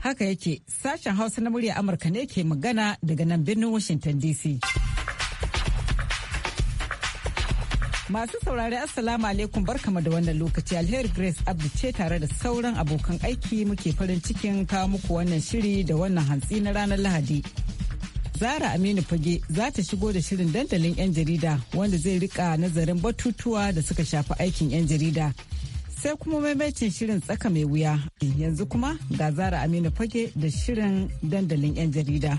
Haka yake sashen Hausa na murya Amurka ne ke magana daga nan birnin Washington DC. Masu saurari Assalamu alaikum barkama da wannan lokaci alheri Grace Abdi ce tare da sauran abokan aiki muke farin cikin kawo muku wannan shiri da wannan hantsi na ranar Lahadi. Zara Aminu Fage za ta shigo da shirin dandalin 'yan jarida wanda zai rika nazarin batutuwa da suka shafi aikin 'yan jarida. Sai kuma maimaitin shirin tsaka mai wuya. Yanzu kuma ga Zara Aminu Fage da shirin dandalin 'yan jarida.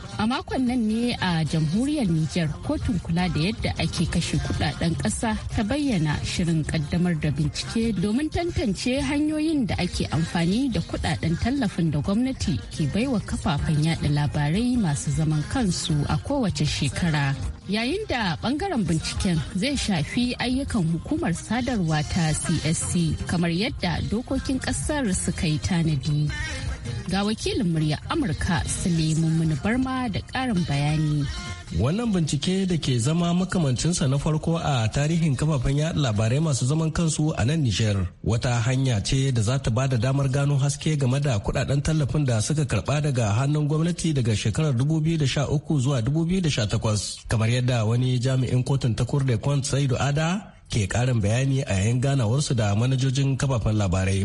A makon nan ne a jamhuriyar Nijar kotun kula da yadda ake kashe kudaden ƙasa ta bayyana shirin kaddamar da bincike domin tantance hanyoyin da ake amfani da kudaden tallafin da gwamnati ke baiwa kafafen yada labarai masu zaman kansu a kowace shekara. Yayin da bangaren binciken zai shafi ayyukan hukumar sadarwa ta CSC kamar yadda dokokin ƙasar suka yi tanadi. Ga wakilin murya Amurka Suleiman mini Barma da karin bayani. Wannan bincike da ke zama makamancinsa na farko a tarihin kafafen yaɗa labarai masu zaman kansu a nan Nijar wata hanya ce da za ta bada damar gano haske game da kudaden tallafin da suka karba daga hannun gwamnati daga shekarar 2013 zuwa 2018 kamar yadda wani jami'in kotun ta kurde Saidu Ada ke karin bayani a yayin ganawarsu da manajojin kafafen labarai.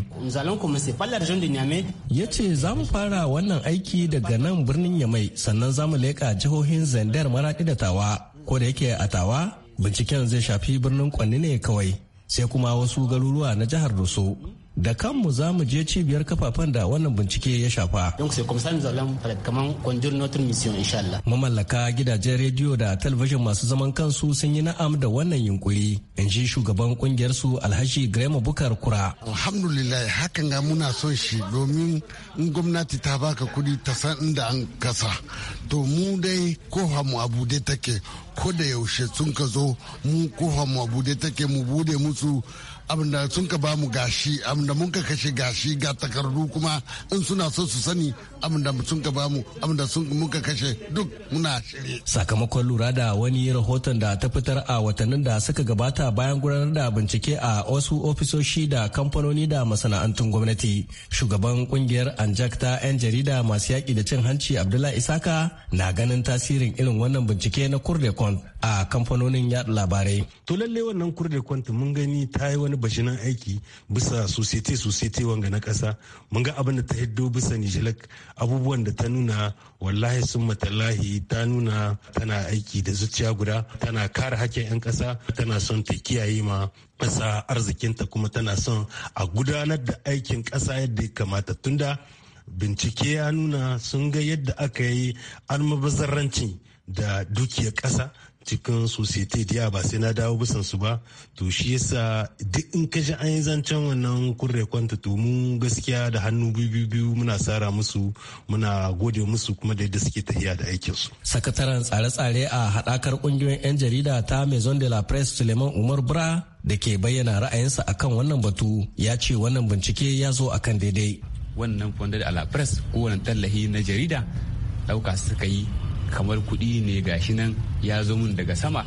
Ya ce za mu fara wannan aiki daga nan birnin Yamai sannan za mu leƙa jihohin Zandar Maraɗi da Tawa. Ko da yake a Tawa binciken zai shafi birnin Kwanni ne kawai sai kuma wasu garuruwa na jihar Doso. da kanmu za mu je cibiyar kafafen da wannan bincike ya shafa. Mamallaka gidajen rediyo da talabijin masu zaman kansu sun yi na'am da wannan yunkuri. In ji shugaban kungiyar su Alhaji Grema Bukar Kura. Alhamdulillah hakan ga muna son shi domin in gwamnati ta baka kuɗi ta san inda an kasa. To mu dai kofa mu abu dai take ko da yaushe sun ka zo mu kofar mu bude take mu bude musu abinda sun ka ba mu gashi abinda mun ka kashe gashi ga takardu kuma in suna so su sani abinda sun ka ba mu abinda sun ka kashe duk muna shirye. sakamakon lura da wani rahoton da ta fitar a watannin da suka gabata bayan gudanar da bincike a wasu ofisoshi da kamfanoni da masana'antun gwamnati shugaban kungiyar anjak ta 'yan jarida masu yaƙi da cin hanci abdullahi isaka na ganin tasirin irin wannan bincike na kurde. a kamfanonin yada labarai. To lalle wannan da kwanta mun gani ta yi wani bashinan aiki bisa sosai societe wanga na kasa mun ga abin da ta hiddo bisa nijilak abubuwan da ta nuna wallahi sun matallahi ta nuna tana aiki da zuciya guda tana kare hakkin 'yan kasa tana son ta kiyaye ma ƙasa arzikinta kuma tana son a gudanar da aikin kasa yadda ya kamata tunda bincike ya nuna sun ga yadda aka yi almubazarrancin da dukiyar ƙasa cikin societe diya ba sai na dawo bisan su ba to shi yasa duk in ka ji an yi zancen wannan kurre kwanta to mu gaskiya da hannu biyu biyu muna sara musu muna gode musu kuma da yadda suke tafiya da aikin su sakataren tsare-tsare a haɗakar kungiyoyin yan jarida ta maison de la presse suleiman umar bra da ke bayyana ra'ayinsa akan wannan batu ya ce wannan bincike ya zo akan daidai wannan fonda da la presse ko tallahi na jarida dauka suka yi kamar kuɗi ne ga shi nan ya zo min daga sama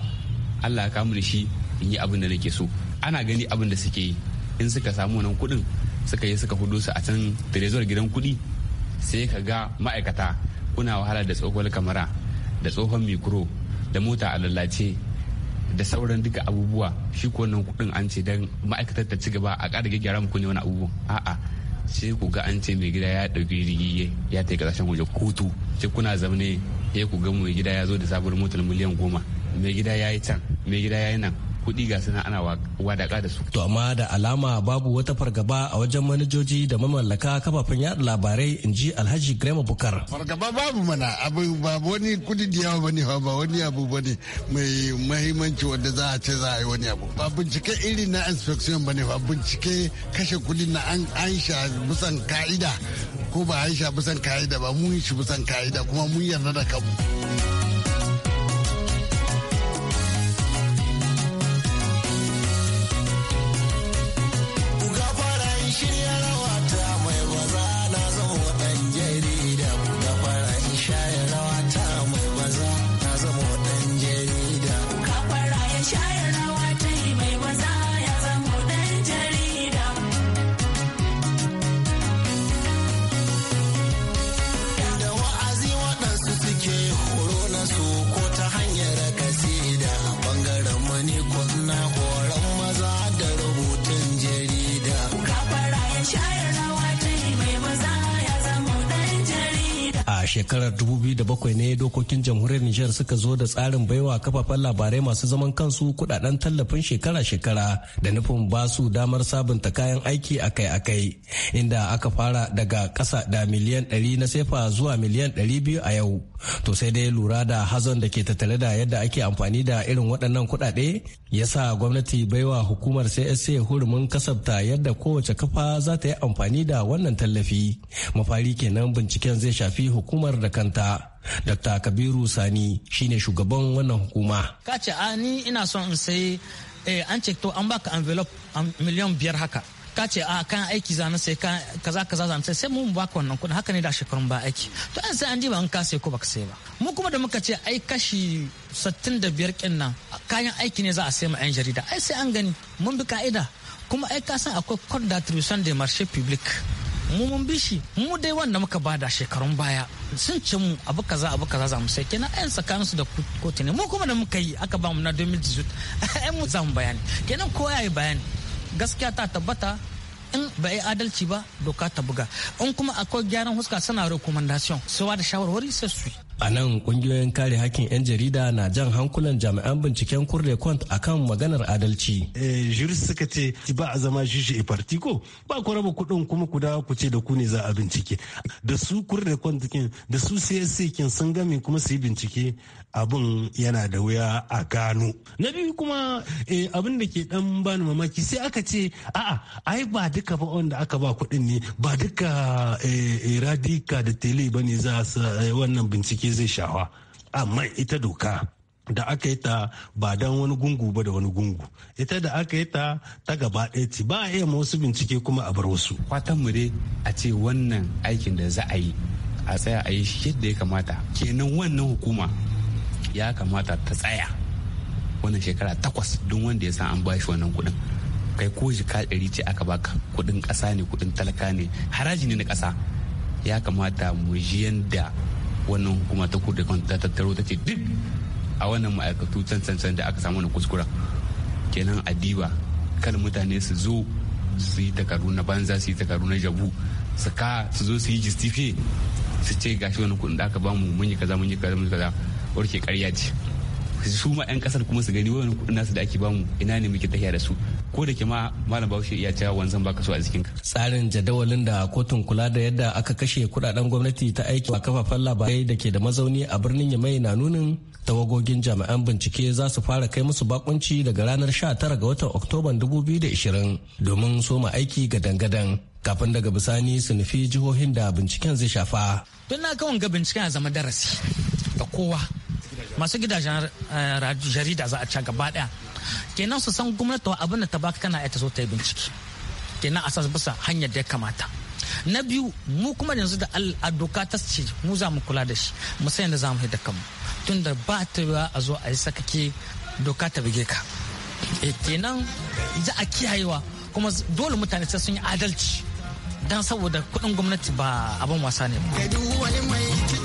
allah ya kamu da shi in yi abin da nake so ana gani abin da suke yi in suka samu wannan kuɗin suka yi suka hudu su a can trezor gidan kuɗi sai ka ga ma'aikata kuna wahala da tsohon kamara da tsohon mikro da mota a lallace da sauran duka abubuwa shi ko wannan kuɗin an ce don ma'aikatar ta ci gaba a ƙara gyara muku ne wani abubuwa a'a sai ku ga an ce mai gida ya ɗauki rigige ya ta kasashen waje kotu sai kuna zaune ya ku ga mai gida ya zo da sabuwar motar miliyan goma mai gida ya yi can mai gida ya yi nan kuɗi ga suna ana wadaka da su. To amma da alama babu wata fargaba a wajen manajoji da mamallaka kafafen yada labarai in ji Alhaji Grema Bukar. Fargaba babu mana abu ba wani kuɗi da yawa bane ba wani abu bane mai mahimmanci wanda za a ce za a yi wani abu. Ba bincike iri na inspection bane ba bincike kashe kuɗi na an aisha bisan ka'ida ko ba aisha bisan ka'ida ba mun shi bisan ka'ida kuma mun yarda da kanmu. shekarar 2007 ne dokokin jamhuriyar Nijar suka zo da tsarin baiwa kafafen labarai masu zaman kansu kudaden tallafin shekara-shekara da nufin ba su damar sabunta kayan aiki akai-akai inda aka fara daga ƙasa da miliyan 100 na sefa zuwa miliyan 200 a yau to sai dai lura da hazon da ke tattare da yadda ake amfani da irin waɗannan kuɗaɗe ya sa gwamnati baiwa hukumar csa hurumin kasafta yadda kowace kafa za ta yi amfani da wannan tallafi mafari kenan binciken zai shafi hukumar da kanta dr kabiru sani shine shugaban wannan hukuma ka ce a ah, ni ina son in sai eh, an ce to an baka envelope miliyan biyar haka ka ce a ah, kan aiki na sai kaza kaza na sai sai mu baka wannan kuɗin haka ne da shekarun ba aiki to an sai an ji ba an ka sai ko baka sai ba mu kuma da muka ce ai kashi 65 kin nan kayan aiki ne za a sai mu yan jarida ai sai an gani mun bi ka'ida kuma ai ka san akwai code d'attribution des marché publics mu mun bi shi mu dai wanda muka ba da shekarun baya sun ce mu abu kaza abu kaza za mu sai kenan ayan tsakanin su da kotu ne mu kuma da muka yi aka ba mu na 2018 ayan mu za mu bayani kenan kowa ya yi bayani gaskiya ta tabbata in ba yi adalci ba doka ta buga in kuma akwai gyaran huska suna recommendation suwa da shawarwari sai su a nan kungiyoyin kare hakkin 'yan jarida na jan hankulan jami'an binciken kurle kwant kan maganar adalci eh, jurist suka ce ba a zama shishi a ba ku raba kuɗin kuma ku dawo ku ce da ku ne za a bincike da su kurle kwant da su csc kin sun gami kuma su yi bincike abin yana da wuya a gano na biyu kuma eh, abin da ke dan bani mamaki sai aka ce a'a ai ba duka ba wanda aka ba kuɗin ne ba duka eh, eh, radika da tele ba ne za wannan bincike zai shawa amma ita doka da aka yi ta ba dan wani gungu ba da wani gungu ita da aka yi ta ta gaba ɗaya ce ba a iya ma wasu bincike kuma a bar wasu fatan mu a ce wannan aikin da za a yi a tsaya a yi shi yadda ya kamata kenan wannan hukuma ya kamata ta tsaya wannan shekara takwas don wanda ya san an bashi wannan kudin kai ko jika ɗari ce aka baka kudin ƙasa ne kudin talaka ne haraji ne na ƙasa ya kamata mu ji yanda wannan hukuma ta kan ta tattaro ta ce duk a wannan ma'aikatu can da aka samu na kuskura kenan adiba kan mutane su zo su yi takaru na banza su yi takaru na jabu su ka su zo su yi justifiye su ce gashi wani kuɗin da aka bamu mun yi kaza mun yi kaza mun yi kaza warke karya ce su ma 'yan kasar kuma su gani wani kudin nasu da ake bamu ina ne muke tafiya da su ko da ke ma malam bahaushe iya cewa wanzan baka so a jikin ka. tsarin jadawalin da kotun kula da yadda aka kashe kudaden gwamnati ta aiki a kafafen labarai da ke da mazauni a birnin yamai na nunin tawagogin jami'an bincike za su fara kai musu bakunci daga ranar tara ga watan oktoban 2020 domin soma aiki ga dangadan kafin daga bisani su nufi jihohin da binciken zai shafa. Don na kawon ga binciken a zama darasi. da kowa masu gidajen eh, jarida za a ca gaba daya kenan su san gwamnati abin da ta baka kana ita so ta yi bincike kenan a bisa hanyar da ya kamata na biyu mu kuma yanzu da doka ta ce mu za mu kula da shi mu san yadda za mu da kanmu tun da ba ta yiwa a zo a yi sakake doka ta bige ka e kenan za a kiyayewa kuma dole mutane sai sun yi adalci don saboda kuɗin gwamnati ba abin wasa ne ba.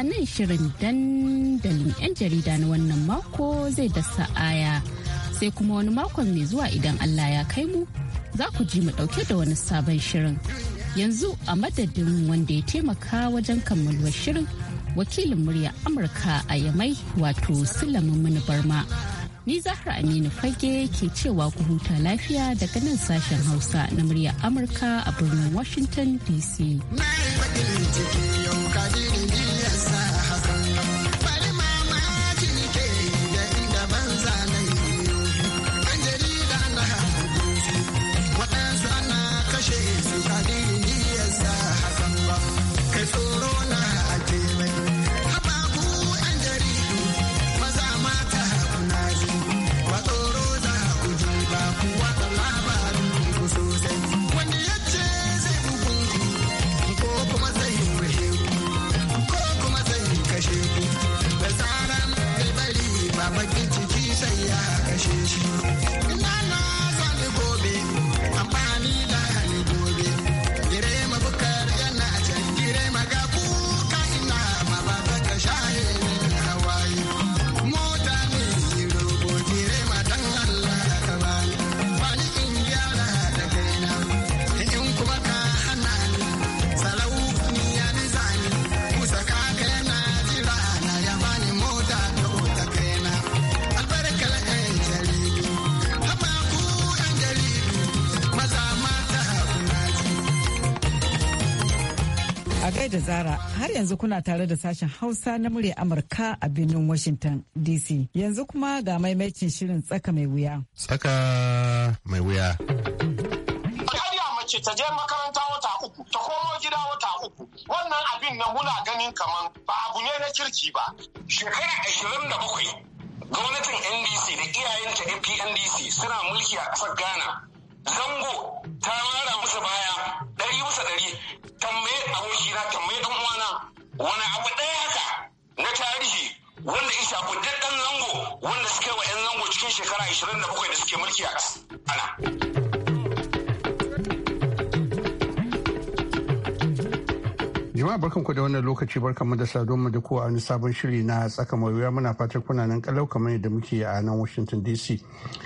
a nan shirin dandalin 'yan jarida na wannan mako zai dasa aya sai kuma wani makon mai zuwa idan Allah ya kai mu za ku ji mu ɗauke da wani sabon shirin. Yanzu a madadin wanda ya taimaka wajen kammaluwar shirin wakilin murya Amurka a Yamai wato Sulaiman Mini Barma. Ni Zahra Aminu Fage ke cewa ku huta lafiya daga nan sashen Hausa na murya Amurka a birnin Washington DC. da Zara har yanzu kuna tare da sashen Hausa na murya Amurka a birnin Washington DC. Yanzu kuma ga maimacin shirin tsaka mai wuya. Tsaka mai wuya. Kariya mace ta je makaranta wata uku, ta komo gida wata uku. Wannan abin na muna ganin kaman ba abu ne na kirki ba. Shekara ashirin da bakwai gwamnatin NDC da iyayenta NPNDC suna mulki a ƙasar Ghana. Zango ta mara musu baya ɗari musu ɗari tambaye abokina tambaye ɗan uwana wani abu ɗaya haka na tarihi wanda ya shafi duk ɗan zango wanda suka yi wa 'yan zango cikin shekara 27 da suke mulki a ƙasa. Jama'a barkanku da wannan lokaci mu da mu da kowa wani sabon shiri na tsaka mawuya muna fatar kuna nan kalau kamar yadda muke a nan Washington DC.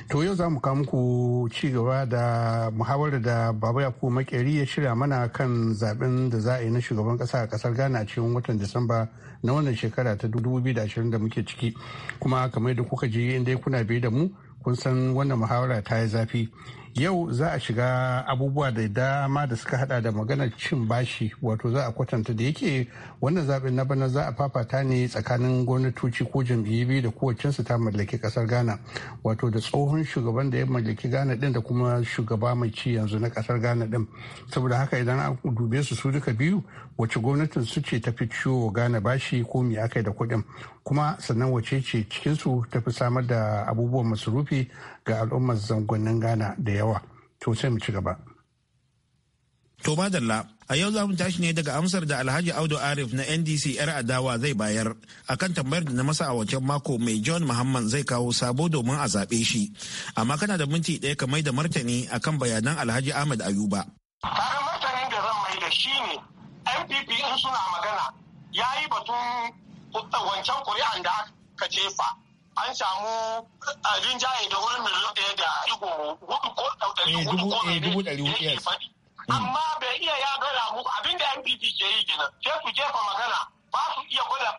To yau za mu kawo muku ci gaba da muhawarar da Baba Yakubu Makeri ya shirya mana kan zaben da za a yi na shugaban kasa a kasar Ghana a cikin watan Disamba na wannan shekara ta 2020 da muke ciki. Kuma kamar yadda kuka ji inda kuna biye da mu kun san wannan muhawara ta yi zafi yau za a shiga abubuwa da dama da suka hada da maganar cin bashi wato za a kwatanta da yake wannan zaɓen na bana za a fafata ne tsakanin gwamnatoci ko jam'iyyu biyu da kowacensu ta mallaki kasar ghana wato da tsohon shugaban da ya mallaki ghana din da kuma shugaba mai ci yanzu na kasar ghana din saboda haka idan an dube su su duka biyu wace gwamnatin su ce ta fi ciwo ghana bashi ko me akai da kuɗin kuma sannan wace ce cikinsu ta fi samar da abubuwan masurufi ga al'ummar zangonin ghana da yawa to sai mu ci gaba to madalla a yau za mu tashi ne daga amsar da alhaji audu arif na ndc yar adawa zai bayar akan tambayar da na masa a wancan mako mai john muhammad zai kawo sabo domin a zaɓe shi amma kana da minti ɗaya ka mai da martani akan bayanan alhaji ahmad ayuba kaga martanin da zan mai da shi ne npp in suna magana ya yi batun wancan kuri'an da aka jefa an samu rinjaye da wurin miliyan ɗaya da ɗigo hudu ko ɗari eh, hudu ko eh, faɗi. Mm. Amma bai iya ya gara mu abin da NPP ke yi kenan sai su jefa magana ba su iya gwada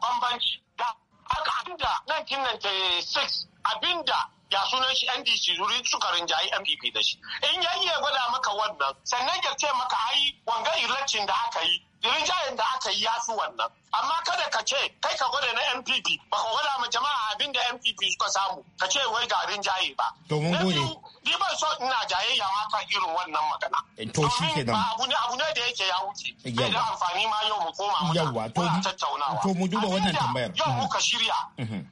bambanci da aka abin da 1996 abin da ya sunan shi NDC zuri suka yi MPP da shi. In ya iya gwada maka wannan sannan ya ce maka ai wanga ilacin da aka yi rinjayen da aka yi ya fi wannan amma kada ka ce kai ka gwada na mpp ba ka gwada ma jama'a abin da mpp suka samu ka ce wai ga rinjaye ba domin gode ni ban so ina jayayya ma kan irin wannan magana eh, to shi ke nan abu ne abu ne da yake ya wuce bai da amfani ma yau mu koma mu yawa to tattaunawa to mu duba wannan tambayar yau mhm. muka shirya mhm.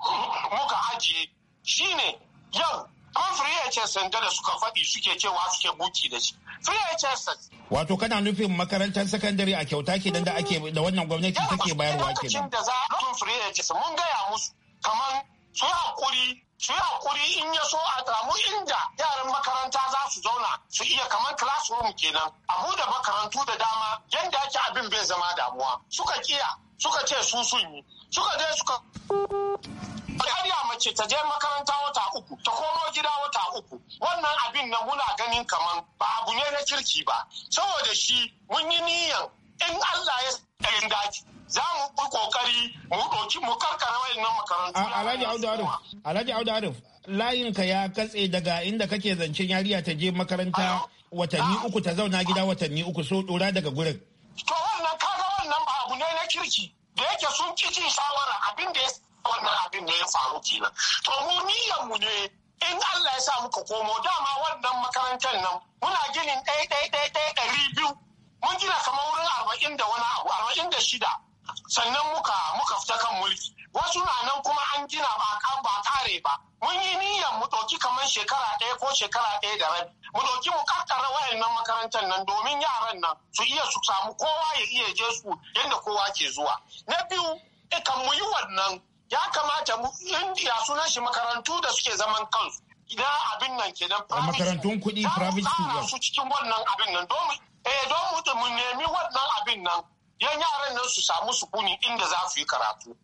muka ajiye shine yau kan free HSN da suka faɗi suke cewa suke buki da shi free HSN wato kana nufin makarantar sakandare a kyauta ke da ake da wannan gwamnati take bayarwa ke nan da za a free HSN mun gaya musu kamar su hakuri su hakuri in ya so a samu inda yaran makaranta za su zauna su iya kamar classroom kenan a buɗe makarantu da dama yadda ake abin bai zama damuwa suka kiya suka ce su sun yi suka je suka ya mace ta je makaranta wata uku ta komo gida wata uku wannan abin nan muna ganin kaman ba abu ne na kirki ba saboda shi mun yi niyan in Allah ya tsayin daji za mu yi kokari mu ɗauki mu karkara wayannan makarantu. Alhaji Audu Arif, Alhaji Audu Arif, layinka ya katse daga inda kake zancen yariya ta je makaranta watanni ah. uku ta zauna gida watanni uku so ɗora daga gurin. To wannan kaga wannan ba abu ne na kirki da yake sun ƙi cin shawara abin da ya wannan abin ne ya faru kenan to mu niyyar mu ne in Allah ya sa muka komo dama wannan makarantar nan muna ginin ɗaya ɗaya ɗaya ɗaya ɗari biyu mun gina kamar wurin arba'in da wani abu arba'in da shida sannan muka muka fita kan mulki wasu na nan kuma an gina ba kan ba kare ba mun yi niyyar mu ɗauki kamar shekara ɗaya ko shekara ɗaya da rabi mu ɗauki mu kakkara wayannan makarantar nan domin yaran nan su iya su samu kowa ya iya je su yadda kowa ke zuwa na biyu kan mu yi wannan ya kamata mu indiya shi makarantu da suke zaman kansu idan abin nan ke nan. makarantun kuɗi private school su cikin wannan abin nan domin eh don mu nemi wannan abin nan yan yaran nan su samu sukuni inda za su yi karatu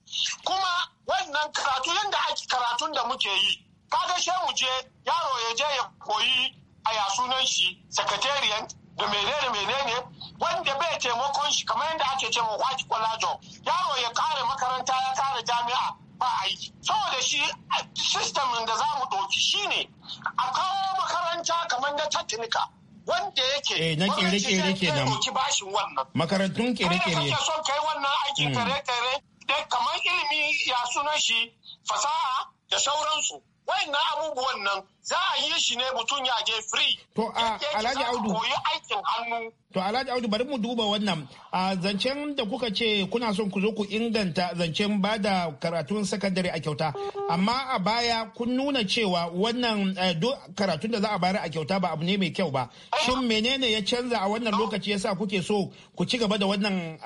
kuma wannan karatu yadda ake karatun da muke yi kaga shehu mu je yaro ya je ya koyi a yasunan shi sakatariyan da menene menene wanda bai taimakon shi kamar yadda ake ce ma ake kwalajo? yaro ya kare makaranta ya kare jami'a ba aiki saboda shi eh, sistemin da za mu ɗauki shine a kawo makaranta kamar na technical wanda yake eh na kere kere kenan bashin wannan makarantun kere kere kake son kai wannan aiki kare mm. kare dai kamar ilimi ya sunan shi fasaha da sauransu wayannan abubuwan nan za a yi shi ne mutum ya je free. To a Alhaji Audu. Koyi aikin hannu. To Alhaji Audu bari mu duba wannan. A zancen da kuka ce kuna son ku zo ku inganta zancen ba da karatun sakandare a kyauta. Amma a baya kun nuna cewa wannan eh, duk karatun da za a bayar a kyauta ba abu ne mai kyau ba. Shin menene ya canza a wannan lokaci yasa kuke so ku ci gaba da wannan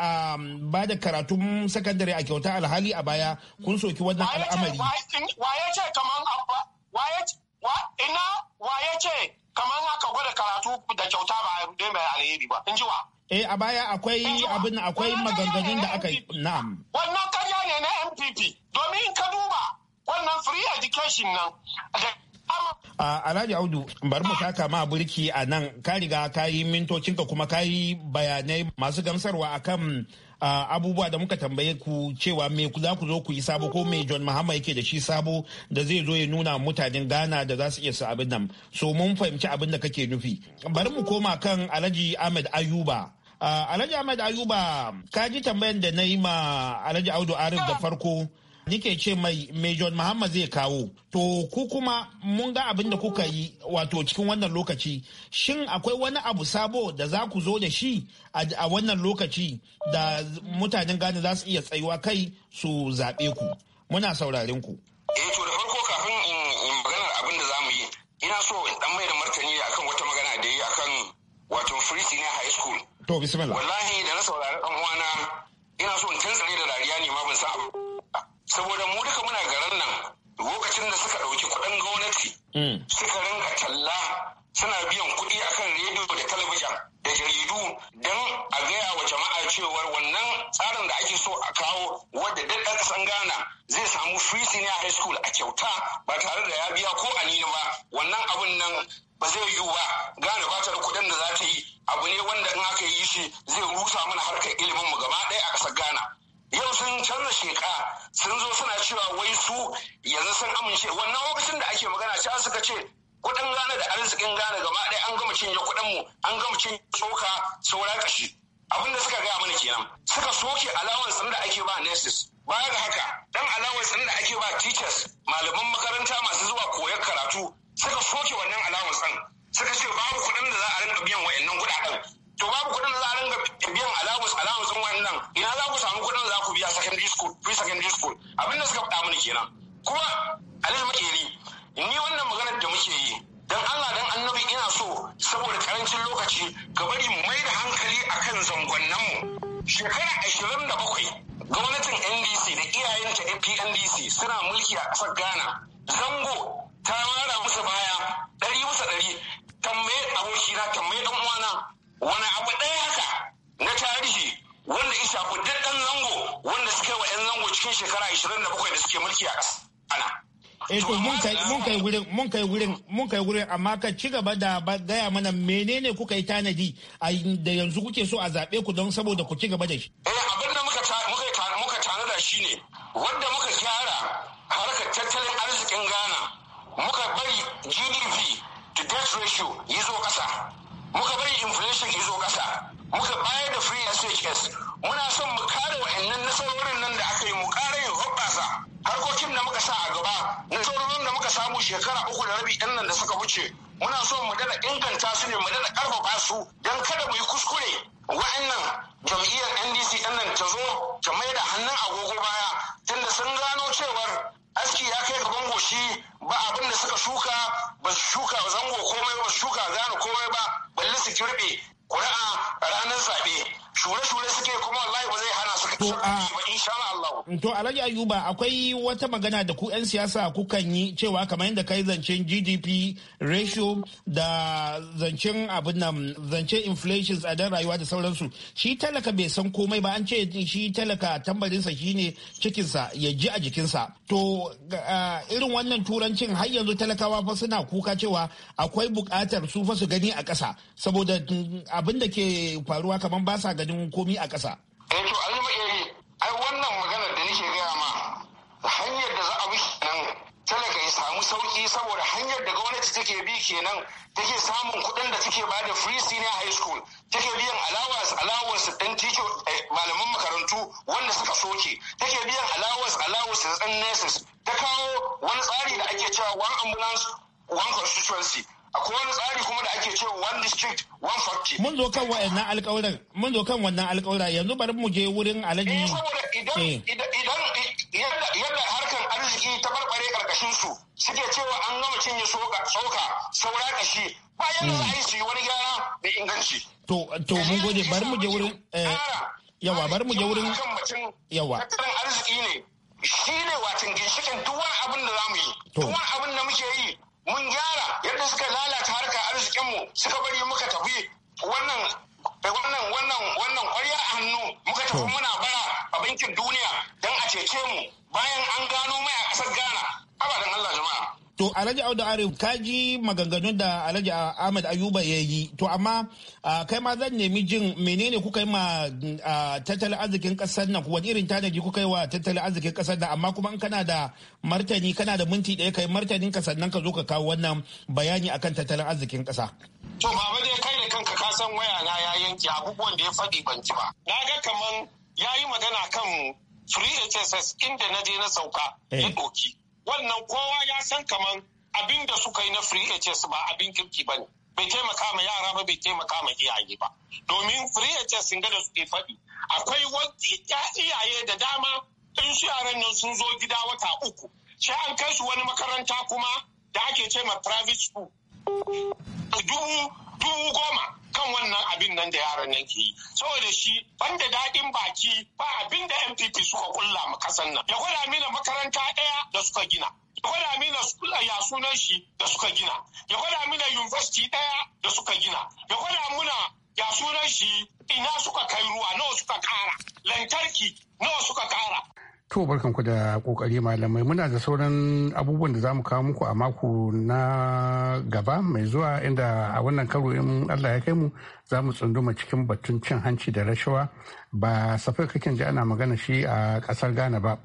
ba da karatun sakandare a kyauta alhali a baya kun soki wannan al'amari. Wa ya ce kaman abba? Wa ina wa ya ce kamar haka gwada karatu da kyauta ba dai mai alheri ba in ji wa eh a baya akwai abin akwai maganganun da aka yi na'am wannan karya ne na MPP domin in ka duba wannan free education nan Uh, Alhaji Audu bari mu taka ma burki a nan ka riga ka yi mintocinka kuma ka yi bayanai masu gamsarwa akan abubuwa da muka tambaye ku cewa me za ku zo ku yi sabo ko me John Mahama yake da shi sabo da zai zo ya nuna mutanen Ghana da za su iya su abin nan. So mun fahimci abin da kake nufi. Bari mu koma kan Alhaji Ahmed Ayuba. Alhaji Ahmed Ayuba ka ji tambayan da na yi ma Alhaji Audu Arif da farko nike ce mai Major Muhammad zai kawo. To ku kuma mun ga abin da kuka yi wato cikin wannan lokaci. Shin akwai wani abu sabo da za ku zo da shi a wannan lokaci da mutanen gani za su iya tsayuwa kai su zaɓe ku. Muna saurarin ku. Eh, to da farko kafin in magana abin da za yi. Ina so in dan mai da martani akan wata magana da yi akan wato Free Senior High School. To Wallahi da na saurari ɗan uwana ina so in tantsare da dariya ne ma ban san saboda mu duka muna garin nan lokacin da suka ɗauki kuɗin gwamnati mm. suka ringa talla suna biyan kuɗi kan rediyo da talabijin da jaridu don a gaya wa jama'a cewar wannan tsarin da ake so a kawo wadda duk ɗan ƙasan Ghana zai samu free senior high school a kyauta ba tare da ya biya ko a nini ba wannan abun nan ba zai yiwu ba Ghana ba ta da kuɗin da za ta yi abu ne wanda in aka yi shi zai rusa mana harkar ilimin mu gaba ɗaya a ƙasar Ghana yau sun canza sheka sun zo suna cewa wai su yanzu sun amince wannan lokacin da ake magana ta suka ce kudin gane da arzikin gane gaba ɗaya an gama cinye kudin mu an gama cinye tsoka saura kashi abin da suka gaya mana kenan suka soke allowance da ake ba nurses baya ga haka dan allowance da ake ba teachers malaman makaranta masu zuwa koyar karatu suka soke wannan alawar din suka ce babu kudin da za a rinka biyan wa'annan kudaden to babu kuɗin za a ringa biyan alamus alamus wannan ina za ku samu kuɗin za ku biya secondary school pre secondary school abin da suka faɗa mana kenan kuma alal makeri ni wannan maganar da muke yi dan Allah dan annabi ina so saboda karancin lokaci ka bari mu mai da hankali akan zangonnan mu shekara ashirin da bakwai gwamnatin NDC da iyayenta APNDC suna mulki a ƙasar Ghana zango ta mara musu baya ɗari musu ɗari tambaye abokina tambaye ɗan uwana wani abu ɗaya haka na tarihi wanda ya shafi duk ɗan zango wanda suka yi wa 'yan zango cikin shekara 27 da suke mulki a ƙasa ana eh, to mun kai wurin mun kai wurin amma ka ci gaba da gaya mana menene kuka yi tanadi da yanzu kuke so a zaɓe ku don saboda ku ci gaba da shi. Eh abin da muka tanada shi ne wanda muka gyara harkar tattalin arzikin Ghana muka bari GDP to debt ratio ya zo ƙasa. muka bari inflation izo kasa muka bayar da free SHS muna son mu kare wa'annan nasarorin nan da aka yi mu kare yin hoɓɓasa harkokin da muka sa a gaba nasarorin da muka samu shekara uku da rabi ɗin nan da suka wuce muna so mu dana inganta su ne mu dana karfafa su don kada mu yi kuskure wa'annan jam'iyyar NDC ɗin nan ta zo ta mai da hannun agogo baya tunda sun gano cewar aski ya kai gaban goshi ba abin da suka shuka ba su shuka zango komai ba su shuka gano komai ba su kirbe kuri'a ranar zaɓe shure-shure suke kuma wallahi ba zai hana su ba insha Allah. To Alhaji Ayuba akwai wata magana da ku 'yan siyasa kukan yi cewa kamar yadda kai zancen GDP ratio da zancen abin nan zancen inflation tsadar rayuwa da sauransu shi talaka bai san komai ba an ce shi talaka tambarinsa shine cikinsa ya ji a jikinsa. To irin wannan turancin har yanzu talakawa fa suna kuka cewa akwai bukatar su fa su gani a ƙasa saboda mm, abin da ke faruwa kamar ba sa gani ganin komi a ƙasa. Eh to an yi ai wannan maganar da nake gaya ma hanyar da za a bi kenan talaka ya samu sauki saboda hanyar da gwamnati take bi kenan take samun kuɗin da take ba da free senior high school take biyan allowance allowance ɗin teacher eh, malaman makarantu wanda suka soke take biyan allowance allowance ɗin nurses ta kawo wani tsari da ake cewa one ambulance one constituency akwai wani tsari kuma da ake cewa one district one factory mun zo kan wannan alƙawuran mun zo kan wannan alƙawura yanzu bari mu je wurin alaji eh saboda eh. idan idan yadda yadda harkan arziki ta barbare karkashin su suke cewa an gama cinye soka soka saura kashi ba da za a yi su yi wani gyara da inganci to to mun gode bari mu je wurin eh, yawa bari mu je wurin yawa tattalin arziki ne shi ne watan ginshikin duk wani abin da za mu yi duk wani abin da muke yi mun gyara yadda suka lalata harkar arzikinmu suka bari muka tafi wannan wannan wannan wannan kwarya a hannu muka tafi hmm. muna bara a bankin duniya don a ceke mu bayan an gano mai a ƙasar ghana abadan allah jama'a To Alhaji Audu Arif ka ji maganganun da Alhaji Ahmad Ayuba ya yi. To amma kai ma zan nemi jin menene kuka yi ma tattalin arzikin kasar nan wani irin tanaji kuka yi wa tattalin arzikin kasar nan amma kuma in kana da martani kana da minti ɗaya kai martanin ka sannan ka zo ka kawo wannan bayani akan tattalin arzikin kasa To baba dai kai da kanka ka san waya na ya yanke abubuwan da ya faɗi ban ci ba. Na ga kaman ya yi magana kan free HSS inda na je na sauka eh. ya doki. wannan kowa ya san kamar abin da suka yi na free hs ba abin kirki ba ne bai taimaka ma yara ba bai taimaka ma iyaye ba domin free hs sun da suke faɗi akwai wani iyaye da dama in su yaran nan sun zo gida wata uku sai an kai su wani makaranta kuma da ake ce ma private school dubu dubu goma kan wannan abin nan da yaran nan ke yi saboda shi banda daɗin baki ba abin da MPP suka kulla ma kasan nan ya gwada mina makaranta ɗaya da suka gina ya gwada mina ya sunan shi da suka gina ya gwada mina university ɗaya da suka gina ya gwada muna ya sunan shi ina suka kai ruwa nawa suka kara lantarki nawa suka kara To barkanku da kokari malamai muna da sauran abubuwan da za mu kawo muku a mako na gaba mai zuwa inda a wannan karo in Allah ya kai mu za mu tsunduma cikin batun cin hanci da rashawa ba safai kakin ji ana magana shi a kasar Ghana ba.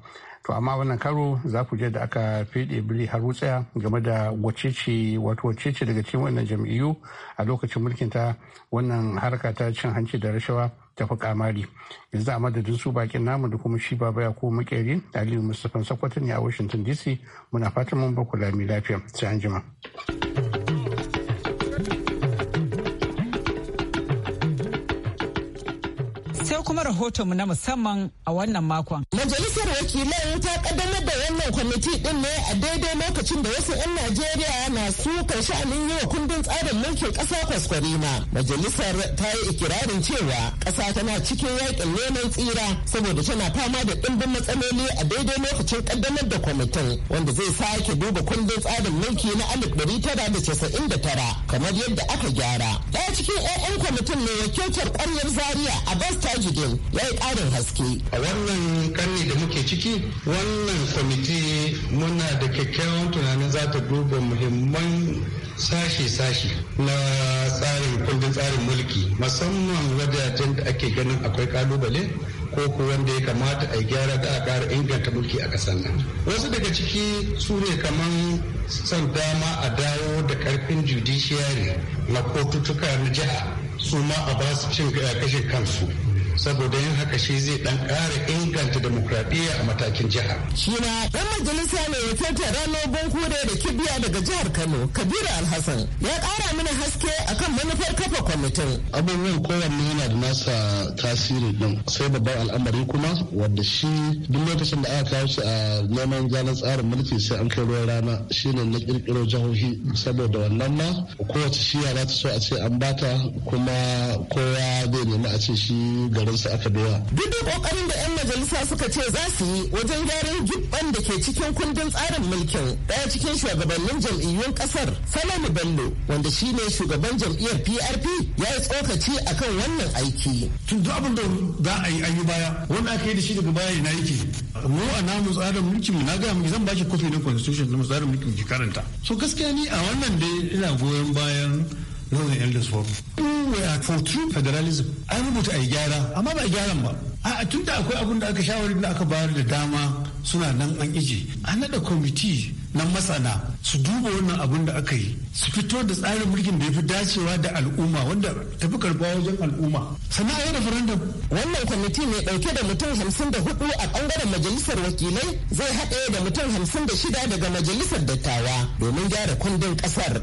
To amma wannan karo za ku je da aka fiɗe biri har wutsaya game da wacece wato wacece daga cikin wannan jam'iyyu a lokacin mulkin ta wannan harka ta cin hanci da rashawa. tafi kamari yanzu a madadin su bakin namu da kuma shi baba ya ko makeri aliyu mustapha sakwatin ne a washington dc muna fatan mun ba ku lami lafiya sai an jima. kuma rahotonmu na musamman a wannan makon. Majalisar wakilai ta kaddamar da wannan kwamiti din ne a daidai lokacin da wasu 'yan Najeriya na sukar sha'anin yi wa kundin tsarin mulkin ƙasa na. Majalisar ta yi ikirarin cewa ƙasa tana cikin yakin neman tsira saboda tana fama da ɗimbin matsaloli a daidai lokacin kaddamar da kwamitin wanda zai sake duba kundin tsarin mulki na alif tara da da casa'in tara kamar yadda aka gyara. Daya cikin 'ya'yan kwamitin ne wakiltar ƙwaryar Zaria ta ji Nadir ya yi ƙarin haske. A wannan karni da muke ciki wannan kwamiti muna da kyakkyawan tunanin za ta duba muhimman sashe-sashe na tsarin kundin tsarin mulki musamman wajajen da ake ganin akwai kalubale ko kuwa wanda ya kamata a gyara da a ƙara inganta mulki a ƙasar nan wasu daga ciki su ne kaman son dama a dawo da ƙarfin judiciary na kotutuka na jiha su ma a basu su cin kashin kansu saboda yin haka shi zai dan kara inganta demokradiyya a matakin jiha. Shina ɗan majalisa ne ya tattara Rano kore da Kibiya daga jihar Kano, Kabiru Alhassan, ya kara mana haske akan manufar kafa kwamitin. Abubuwan kowanne yana da nasa tasiri din sai babban al'amari kuma wanda shi duk lokacin da aka kawo shi a neman zanen tsarin mulki sai an kai ruwan rana shine na kirkiro jihohi saboda wannan ma kowace shiya za ta so a ce an bata kuma kowa zai nemi a ce shi ga sauransu aka biya. Duk da kokarin da 'yan majalisa suka ce za su yi wajen gyaran jibban da ke cikin kundin tsarin mulkin daya cikin shugabannin jam'iyyun kasar Salamu Bello wanda shi ne shugaban jam'iyyar PRP ya yi tsokaci akan wannan aiki. Tun duk abin da za a yi ayi baya wanda aka yi da shi daga baya ina yake. Mu a namu tsarin mulkin mu na gaya mu zan baki kofi na constitution na tsarin mulkin ki karanta. So gaskiya ni a wannan dai ina goyon bayan no the elders forum we are for true federalism an rubuta a gyara amma ba a gyaran ba a tun da akwai abun da aka shawari da aka bayar da dama suna nan an ije an nada kwamiti na masana su duba wannan abun da aka yi su fito da tsarin mulkin da ya fi dacewa da al'umma wanda tafi karɓa wajen al'umma sannan a yi referendum wannan kwamiti mai dauke da mutum hamsin da hudu a ɓangaren majalisar wakilai zai haɗe da mutum hamsin da shida daga majalisar dattawa domin gyara kundin kasar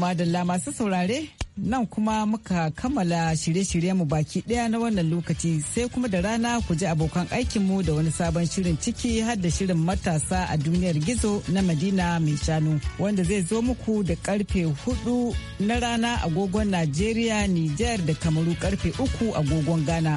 madalla masu saurare nan kuma muka kammala shirye-shirye mu baki ɗaya na wannan lokaci sai kuma da rana ku ji abokan aikinmu da wani sabon shirin ciki har da shirin matasa a duniyar gizo na madina mai shanu wanda zai zo muku da karfe hudu na rana agogon najeriya niger da kamaru karfe uku agogon ghana